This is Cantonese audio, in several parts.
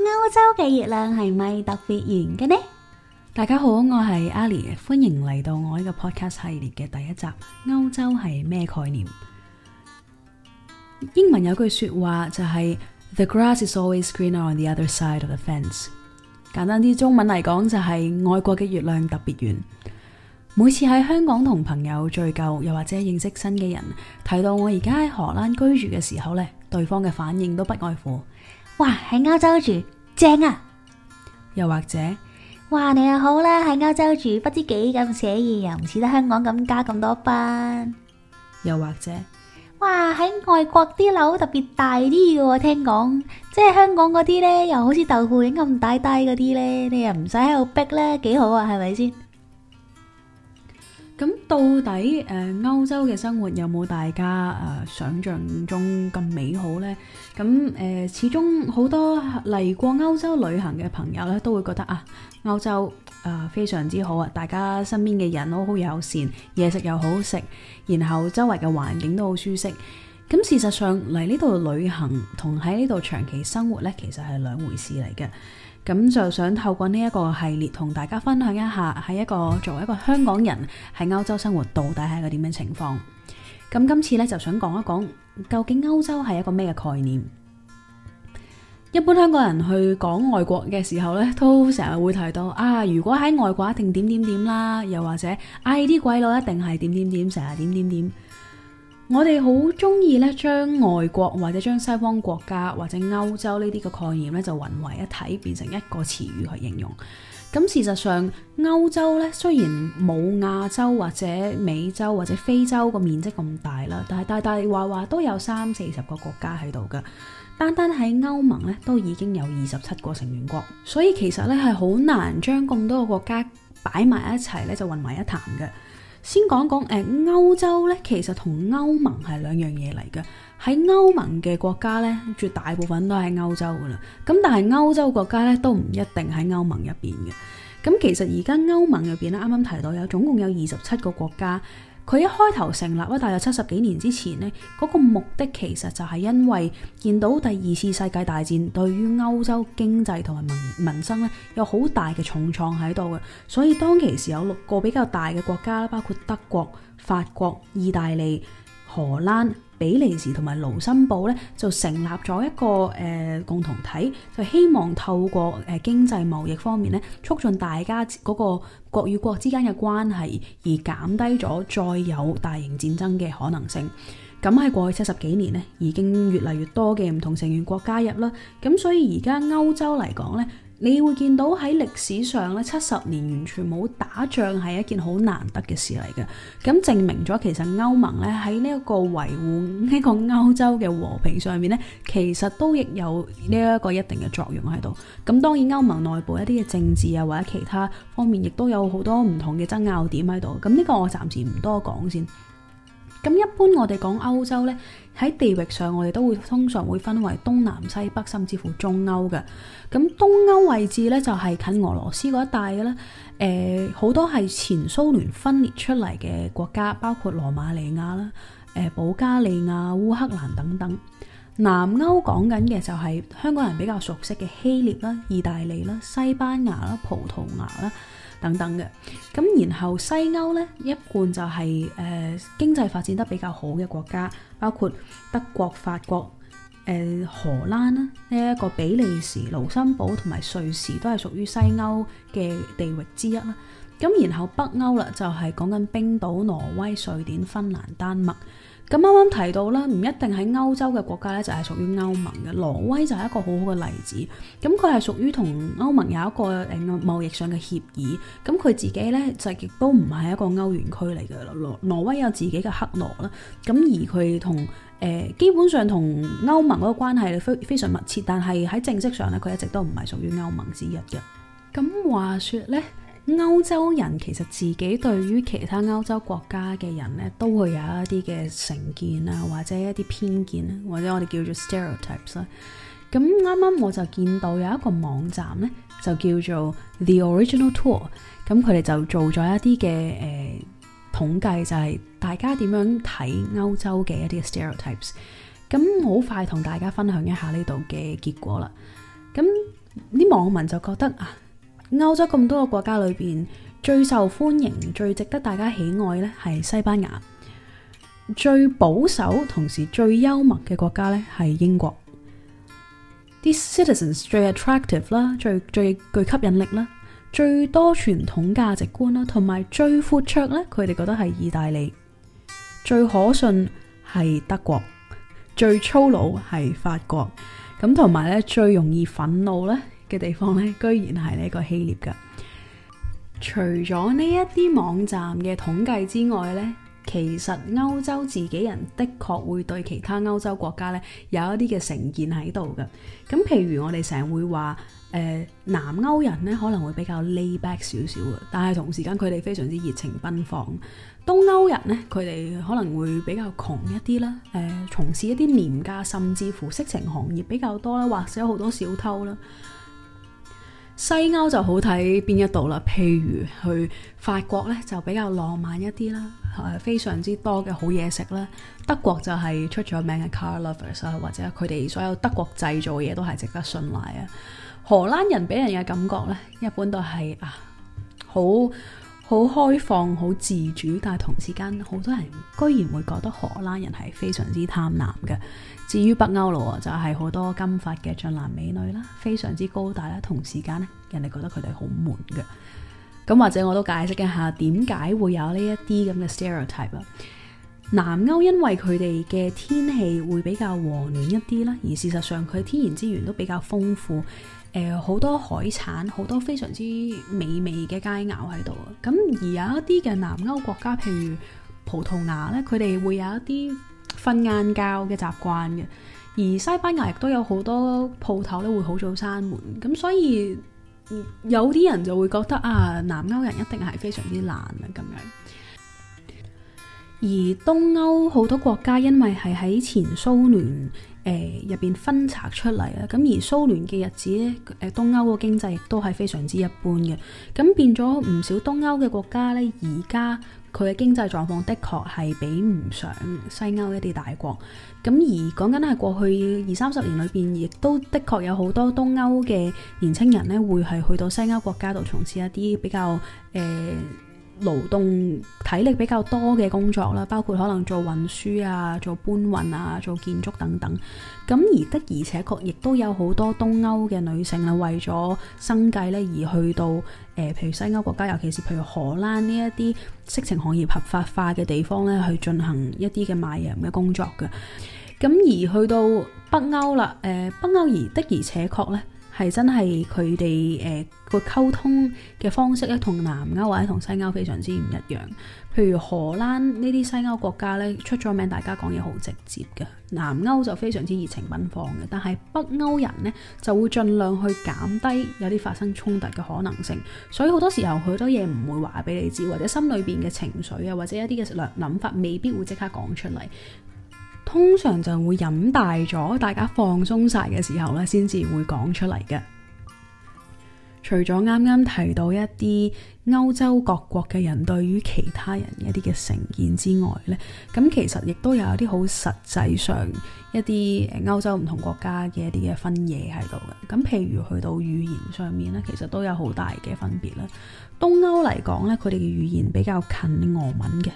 歐洲嘅月亮係咪特別圓嘅呢？大家好，我係 Ali，歡迎嚟到我呢個 podcast 系列嘅第一集。歐洲係咩概念？英文有句說話就係：The grass is always greener on the other side of the fence。簡單啲中文嚟講就係，外國嘅月亮特別圓。每次喺香港同朋友聚舊，又或者認識新嘅人，提到我而家喺荷蘭居住嘅時候咧，對方嘅反應都不外乎。哇，喺歐洲住正啊！又或者，哇，你又好啦，喺歐洲住不知幾咁寫意，又唔似得香港咁加咁多班。又或者，哇，喺外國啲樓特別大啲嘅，聽講即係香港嗰啲咧，又好似豆腐影咁大低嗰啲咧，你又唔使喺度逼啦，幾好啊，係咪先？咁到底誒、呃、歐洲嘅生活有冇大家誒、呃、想像中咁美好呢？咁誒、呃，始終好多嚟過歐洲旅行嘅朋友咧，都會覺得啊，歐洲啊、呃、非常之好啊！大家身邊嘅人都好友善，嘢食又好食，然後周圍嘅環境都好舒適。咁事實上嚟呢度旅行同喺呢度長期生活咧，其實係兩回事嚟嘅。咁就想透過呢一個系列同大家分享一下，喺一個作為一個香港人喺歐洲生活到底係一,一個點樣情況。咁今次咧就想講一講，究竟歐洲係一個咩嘅概念？一般香港人去講外國嘅時候咧，都成日會提到啊，如果喺外國一定點點點啦，又或者嗌啲鬼佬一定係點點點，成日點點點。我哋好中意咧，將外國或者將西方國家或者歐洲呢啲嘅概念咧，就混為一體，變成一個詞語去形容。咁事實上，歐洲咧雖然冇亞洲或者美洲或者非洲個面積咁大啦，但係大大話話都有三四十個國家喺度嘅。單單喺歐盟咧，都已經有二十七個成員國，所以其實咧係好難將咁多個國家擺埋一齊咧，就混埋一談嘅。先講講誒歐洲咧，其實同歐盟係兩樣嘢嚟嘅。喺歐盟嘅國家咧，絕大部分都係歐洲㗎喇。咁但係歐洲國家咧，都唔一定喺歐盟入邊嘅。咁其實而家歐盟入邊咧，啱啱提到有總共有二十七個國家。佢一開頭成立啊，大約七十幾年之前呢，嗰、那個目的其實就係因為見到第二次世界大戰對於歐洲經濟同埋民民生咧，有好大嘅重創喺度嘅，所以當其時有六個比較大嘅國家啦，包括德國、法國、意大利、荷蘭、比利時同埋盧森堡咧就成立咗一個誒、呃、共同體，就希望透過誒經濟貿易方面咧促進大家嗰個國與國之間嘅關係，而減低咗再有大型戰爭嘅可能性。咁喺過去七十幾年咧，已經越嚟越多嘅唔同成員國加入啦。咁所以而家歐洲嚟講咧。你會見到喺歷史上咧，七十年完全冇打仗係一件好難得嘅事嚟嘅。咁證明咗其實歐盟咧喺呢一個維護呢個歐洲嘅和平上面咧，其實都亦有呢一個一定嘅作用喺度。咁當然歐盟內部一啲嘅政治啊或者其他方面亦都有好多唔同嘅爭拗點喺度。咁呢個我暫時唔多講先。咁一般我哋講歐洲呢，喺地域上我哋都會通常會分為東南西北，甚至乎中歐嘅。咁東歐位置呢，就係、是、近俄羅斯嗰一帶嘅啦，誒、呃、好多係前蘇聯分裂出嚟嘅國家，包括羅馬尼亞啦、誒、呃、保加利亞、烏克蘭等等。南歐講緊嘅就係香港人比較熟悉嘅希臘啦、意大利啦、西班牙啦、葡萄牙啦。等等嘅，咁然後西歐呢，一貫就係、是、誒、呃、經濟發展得比較好嘅國家，包括德國、法國、誒、呃、荷蘭啦，呢、這、一個比利時、盧森堡同埋瑞士都係屬於西歐嘅地域之一啦。咁然後北歐啦就係講緊冰島、挪威、瑞典、芬蘭、丹麥。咁啱啱提到啦，唔一定喺歐洲嘅國家咧就係屬於歐盟嘅。挪威就係一個好好嘅例子。咁佢係屬於同歐盟有一個誒貿易上嘅協議。咁佢自己咧就亦都唔係一個歐元區嚟嘅。挪挪威有自己嘅黑羅啦。咁而佢同誒基本上同歐盟嗰個關係非非常密切，但係喺正式上咧，佢一直都唔係屬於歐盟之一嘅。咁話說咧。歐洲人其實自己對於其他歐洲國家嘅人咧，都會有一啲嘅成見啊，或者一啲偏見，或者我哋叫做 stereotypes 咧。咁啱啱我就見到有一個網站咧，就叫做 The Original Tour。咁佢哋就做咗一啲嘅誒統計，就係大家點樣睇歐洲嘅一啲 stereotypes。咁好快同大家分享一下呢度嘅結果啦。咁啲網民就覺得啊～歐洲咁多個國家裏邊，最受歡迎、最值得大家喜愛咧，係西班牙；最保守同時最幽默嘅國家咧，係英國；啲 citizens 最 attractive 啦，最最具吸引力啦，最多傳統價值觀啦，同埋最闊綽咧，佢哋覺得係意大利；最可信係德國；最粗魯係法國；咁同埋咧，最容易憤怒咧。嘅地方咧，居然係呢一個希臘噶。除咗呢一啲網站嘅統計之外呢，其實歐洲自己人的確會對其他歐洲國家呢有一啲嘅成見喺度噶。咁譬如我哋成日會話，誒、呃、南歐人呢可能會比較 lay back 少少嘅，但係同時間佢哋非常之熱情奔放。東歐人呢，佢哋可能會比較窮一啲啦，誒、呃、從事一啲廉價甚至乎色情行業比較多啦，或者好多小偷啦。西歐就好睇邊一度啦，譬如去法國呢，就比較浪漫一啲啦，非常之多嘅好嘢食啦。德國就係出咗名嘅 car lovers，或者佢哋所有德國製造嘢都係值得信賴啊。荷蘭人俾人嘅感覺呢，一般都係啊好。好開放、好自主，但係同時間，好多人居然會覺得荷蘭人係非常之貪婪嘅。至於北歐囉就係、是、好多金髮嘅俊男美女啦，非常之高大啦，同時間咧，人哋覺得佢哋好悶嘅。咁、嗯、或者我都解釋一下點解會有呢一啲咁嘅 stereotype 啊。南歐因為佢哋嘅天氣會比較和暖一啲啦，而事實上佢天然資源都比較豐富。誒好、呃、好多海產，好多非常之美味嘅佳餚喺度啊！咁而有一啲嘅南歐國家，譬如葡萄牙呢佢哋會有一啲瞓晏覺嘅習慣嘅；而西班牙亦都有好多鋪頭咧會好早閂門。咁所以有啲人就會覺得啊，南歐人一定係非常之懶啊咁樣。而東歐好多國家因為係喺前蘇聯。誒入邊分拆出嚟啦，咁而蘇聯嘅日子咧，誒東歐嘅經濟亦都係非常之一般嘅，咁變咗唔少東歐嘅國家咧，而家佢嘅經濟狀況的確係比唔上西歐一啲大國。咁而講緊係過去二三十年裏邊，亦都的確有好多東歐嘅年輕人咧，會係去到西歐國家度從事一啲比較誒。呃勞動體力比較多嘅工作啦，包括可能做運輸啊、做搬運啊、做建築等等。咁而的而且確，亦都有好多東歐嘅女性啦，為咗生計咧，而去到誒、呃，譬如西歐國家，尤其是譬如荷蘭呢一啲色情行業合法化嘅地方咧，去進行一啲嘅賣淫嘅工作嘅。咁而去到北歐啦，誒、呃、北歐而的而且確咧。係真係佢哋誒個溝通嘅方式咧，同南歐或者同西歐非常之唔一樣。譬如荷蘭呢啲西歐國家呢，出咗名，大家講嘢好直接嘅。南歐就非常之熱情奔放嘅，但係北歐人呢就會盡量去減低有啲發生衝突嘅可能性。所以好多時候，好多嘢唔會話俾你知，或者心裏邊嘅情緒啊，或者一啲嘅諗法未必會即刻講出嚟。通常就會飲大咗，大家放鬆晒嘅時候咧，先至會講出嚟嘅。除咗啱啱提到一啲歐洲各國嘅人對於其他人嘅一啲嘅成見之外呢，咁其實亦都有一啲好實際上一啲誒歐洲唔同國家嘅一啲嘅分野喺度嘅。咁譬如去到語言上面呢，其實都有好大嘅分別啦。東歐嚟講呢，佢哋嘅語言比較近俄文嘅。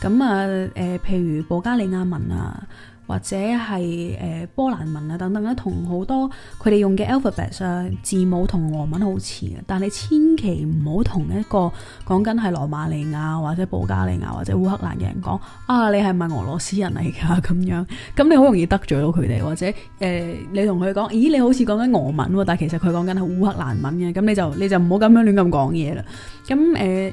咁啊誒、呃，譬如保加利亞文啊。或者係誒、呃、波蘭文啊等等咧，同好多佢哋用嘅 alphabet，啊字母同俄文好似嘅，但你千祈唔好同一個講緊係羅馬尼亞或者保加利亞或者烏克蘭嘅人講啊，你係咪俄羅斯人嚟㗎咁樣？咁你好容易得罪到佢哋，或者誒、呃、你同佢講，咦，你好似講緊俄文喎，但係其實佢講緊係烏克蘭文嘅，咁你就你就唔好咁樣亂咁講嘢啦。咁誒。呃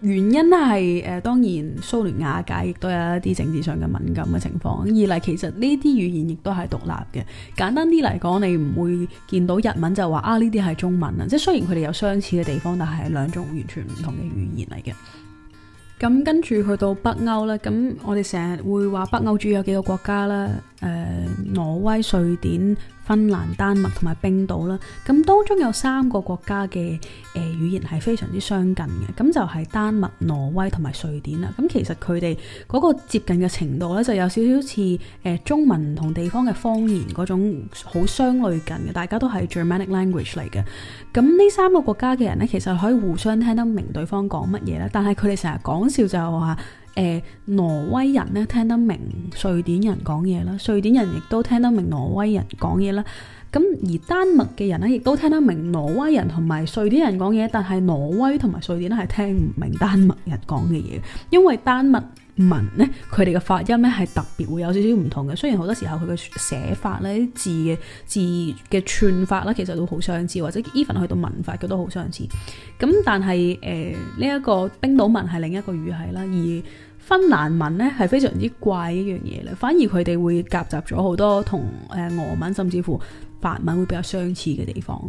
原因咧係誒，當然蘇聯瓦解，亦都有一啲政治上嘅敏感嘅情況。二嚟其實呢啲語言亦都係獨立嘅。簡單啲嚟講，你唔會見到日文就話啊呢啲係中文啊。即係雖然佢哋有相似嘅地方，但係兩種完全唔同嘅語言嚟嘅。咁、嗯、跟住去到北歐咧，咁我哋成日會話北歐主要有幾個國家啦。誒、呃，挪威、瑞典。芬蘭、丹麥同埋冰島啦，咁當中有三個國家嘅誒、呃、語言係非常之相近嘅，咁就係丹麥、挪威同埋瑞典啦。咁其實佢哋嗰個接近嘅程度咧，就有少少似誒、呃、中文唔同地方嘅方言嗰種好相類近嘅，大家都係 Germanic language 嚟嘅。咁呢三個國家嘅人咧，其實可以互相聽得明對方講乜嘢啦，但係佢哋成日講笑就係、是、話。誒、呃、挪威人咧聽得明瑞典人講嘢啦，瑞典人亦都聽得明挪威人講嘢啦。咁而丹麥嘅人咧，亦都聽得明挪威人同埋瑞典人講嘢，但係挪威同埋瑞典咧係聽唔明丹麥人講嘅嘢，因為丹麥文咧，佢哋嘅發音咧係特別會有少少唔同嘅。雖然好多時候佢嘅寫法咧、字嘅字嘅串法啦，其實都好相似，或者 even 去到文法嘅都好相似。咁但係誒呢一個冰島文係另一個語系啦，而芬蘭文咧係非常之怪一樣嘢啦，反而佢哋會夾雜咗好多同誒俄文甚至乎法文會比較相似嘅地方。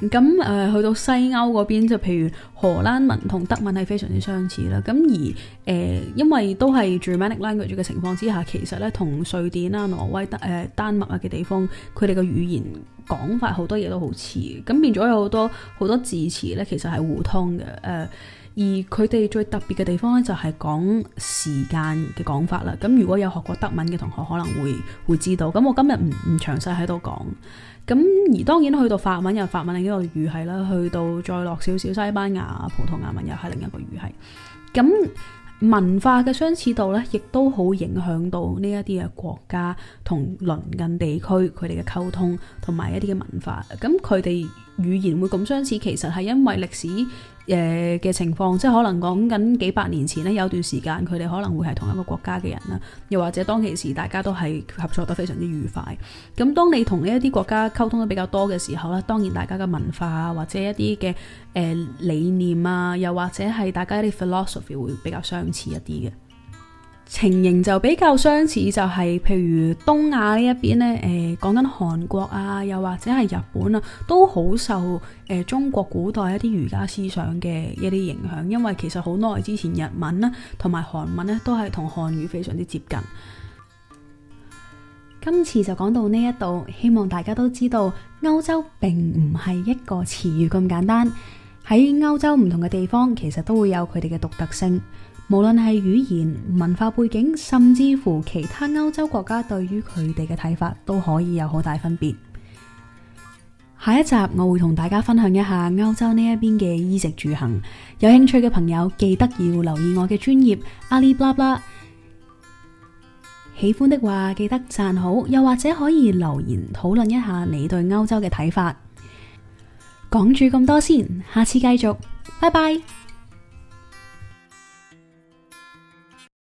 咁誒、呃、去到西歐嗰邊就譬如荷蘭文同德文係非常之相似啦。咁而誒、呃、因為都係 Germanic language 嘅情況之下，其實咧同瑞典啦、挪威、丹、呃、丹麥啊嘅地方，佢哋嘅語言講法好多嘢都好似。咁變咗有好多好多字詞咧，其實係互通嘅。誒、呃、而佢哋最特別嘅地方咧，就係、是、講時間嘅講法啦。咁如果有學過德文嘅同學，可能會會知道。咁我今日唔唔詳細喺度講。咁而當然去到法文又法文另一個語系啦，去到再落少少西班牙啊、葡萄牙文又係另一個語系。咁文化嘅相似度呢，亦都好影響到呢一啲嘅國家同鄰近地區佢哋嘅溝通同埋一啲嘅文化。咁佢哋語言會咁相似，其實係因為歷史。誒嘅、呃、情況，即係可能講緊幾百年前呢，有段時間佢哋可能會係同一個國家嘅人啦，又或者當其時大家都係合作得非常之愉快。咁當你同一啲國家溝通得比較多嘅時候咧，當然大家嘅文化或者一啲嘅誒理念啊，又或者係大家一啲 philosophy 會比較相似一啲嘅。情形就比較相似，就係、是、譬如東亞呢一邊呢，誒講緊韓國啊，又或者係日本啊，都好受誒、呃、中國古代一啲儒家思想嘅一啲影響。因為其實好耐之前，日文啦，同埋韓文呢，都係同漢語非常之接近。今次就講到呢一度，希望大家都知道歐洲並唔係一個詞語咁簡單。喺歐洲唔同嘅地方，其實都會有佢哋嘅獨特性。無論係語言、文化背景，甚至乎其他歐洲國家對於佢哋嘅睇法，都可以有好大分別。下一集我會同大家分享一下歐洲呢一邊嘅衣食住行。有興趣嘅朋友記得要留意我嘅專業阿里巴巴。喜歡的話記得讚好，又或者可以留言討論一下你對歐洲嘅睇法。講住咁多先，下次繼續，拜拜。